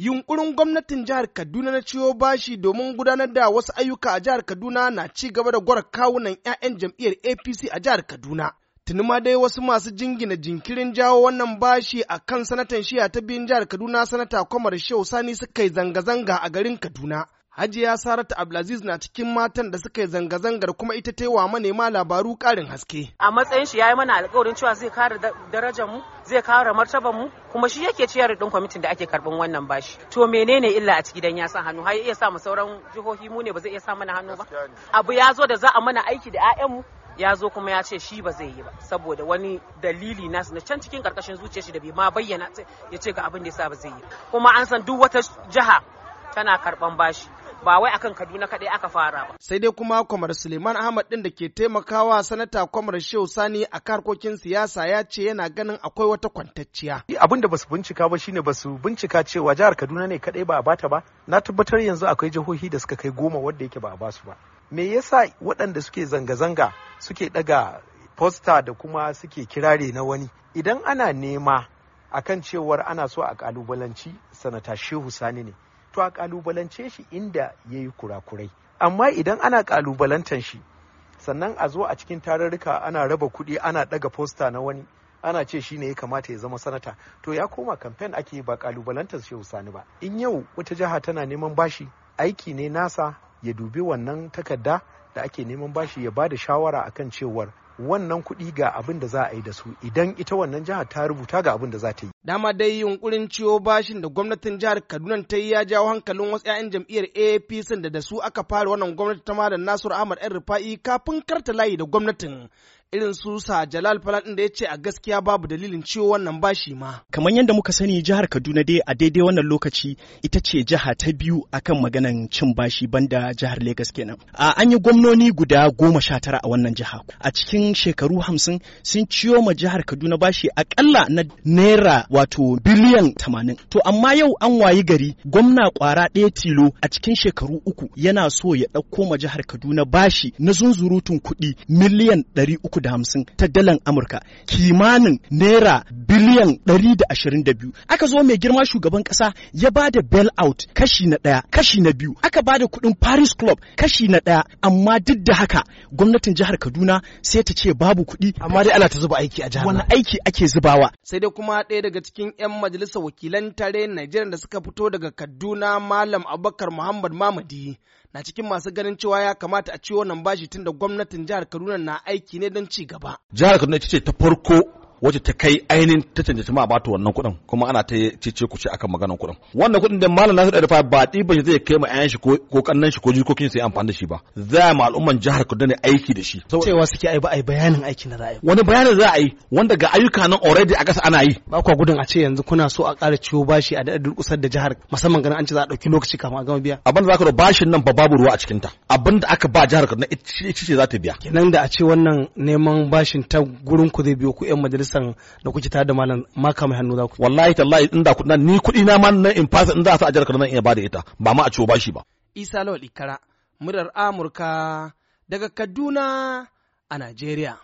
Yunkurin gwamnatin jihar Kaduna na ciwo bashi domin gudanar da wasu ayyuka a jihar Kaduna na ci gaba da gwara kawunan 'ya'yan jam'iyyar APC a jihar Kaduna. Tuni ma dai wasu masu jingina jinkirin jawo wannan bashi a kan sanatan shiya ta biyun jihar Kaduna sanata Kwamar Shehu Sani suka yi zanga-zanga a garin Kaduna. Hajiya Saratu Abdulaziz na cikin matan da suka yi zanga-zangar kuma ita ta yi wa manema labaru karin haske. A matsayin shi ya yi mana alƙawarin cewa zai kare darajar mu, zai kare martabar mu, kuma shi yake ciyar din kwamitin da ake karɓan wannan bashi. To menene illa a cikin gidan ya sa hannu? Har iya sa mu sauran jihohi mu ne ba zai iya sa mana hannu ba. Abu ya zo da za a mana aiki da mu? ya zo kuma ya ce shi ba zai yi ba saboda wani dalili nasu na can cikin karkashin zuciyar shi da bai ma bayyana ya ce ga abin da ya sa ba zai yi kuma an san duk wata jiha tana karban bashi ba wai akan Kaduna kaɗai aka fara ba. Sai dai kuma Kwamar Suleiman Ahmad ɗin da ke taimakawa sanata Kwamar Shehu Sani a harkokin siyasa ya ce yana ganin akwai wata kwantacciya. Abin da su bincika ba shine ba su bincika cewa jihar Kaduna ne kaɗai ba a bata ba. Na tabbatar yanzu akwai jihohi da suka kai goma wadda yake ba a basu ba. Me yasa waɗanda suke zanga-zanga suke ɗaga fosta da kuma suke kirare na wani idan ana nema akan cewar ana so a kalubalanci sanata shehu sani ne to a kalubalance shi inda ya yi kurakurai amma idan ana kalubalantar shi sannan a zo a cikin tararruka ana raba kuɗi ana ɗaga fosta na wani ana ce shi ne ya kamata ya zama sanata to ya koma kamfen ake ba kalubalantar shehu sani ba in yau wata jiha tana neman bashi aiki ne nasa ya dubi wannan takarda da ake neman bashi ya ba da shawara akan cewar wannan kuɗi ga abin da za a yi da su idan ita wannan jihar ta rubuta ga abin da za ta yi. Dama dai yunkurin ciwo bashin da gwamnatin jihar Kaduna ta yi ya jawo hankalin wasu 'ya'yan jam'iyyar APC da da su aka fara wannan gwamnati ta Malam Nasiru Ahmad 'yan Rufa'i kafin karta layi da gwamnatin irin su sa Jalal Faladin da ya ce a gaskiya babu dalilin ciwo wannan bashi ma. Kamar yadda muka sani jihar Kaduna dai a daidai wannan lokaci ita ce jiha ta biyu akan maganan cin bashi banda jihar Legas kenan. A an yi gwamnoni guda goma sha tara a wannan jiha. A cikin shekaru hamsin sun ciwo ma jihar Kaduna bashi akalla na naira wato biliyan tamanin. To amma yau an wayi gari gwamna kwara ɗaya tilo a cikin shekaru uku yana so ya ɗauko ma jihar Kaduna bashi na zunzurutun kuɗi miliyan ɗari uku uku da hamsin ta dalan Amurka kimanin naira biliyan ɗari da ashirin da biyu. Aka zo mai girma shugaban ƙasa ya ba da bail out kashi na ɗaya kashi na biyu aka ba da kuɗin Paris Club kashi na ɗaya amma duk da haka gwamnatin jihar Kaduna sai ta ce babu kuɗi. Amma dai ana ta zuba aiki a jihar. Wani aiki ake zubawa. Sai dai kuma ɗaya daga cikin 'yan majalisar wakilan tare Najeriya da suka fito daga Kaduna Malam Abubakar Muhammad Mamadi na cikin masu ganin cewa ya kamata a ciwo wannan bashi tun da gwamnatin jihar Kaduna na aiki ne don ci gaba. Jihar Kaduna ce ta farko wacce ta kai ainihin ta cancanci ma bata wannan kuɗin kuma ana ta cece ku ce akan maganar kuɗin wannan kuɗin da malam Nasiru Alfa ba ɗiba shi zai kai ma ayan shi ko kannan shi ko jikokin sai amfani da shi ba za ma al'umman jihar Kudu ne aiki da shi cewa suke ai ba ai bayanin aiki na ra'ayi wani bayanin za a yi wanda ga ayyuka nan already a ƙasa ana yi ba kwa gudun a ce yanzu kuna so a ƙara ciwo bashi a daɗa durƙusar da jihar musamman ganin an ce za a ɗauki lokaci kafin a gama biya abin da za ka da bashin nan ba babu ruwa a cikin ta abin da aka ba jihar Kudu ita ce za ta biya kenan da a ce wannan neman bashin ta gurin ku zai biyo ku 'yan majalisa majalisar da kuke tare da malam maka mai hannu za ku wallahi tallahi in da kuɗi ni kuɗi na ma nan in fasa in za su ajar karnan iya bada ita ba ma a ciwo bashi ba Isa Lawal Ikara murar Amurka daga Kaduna a Najeriya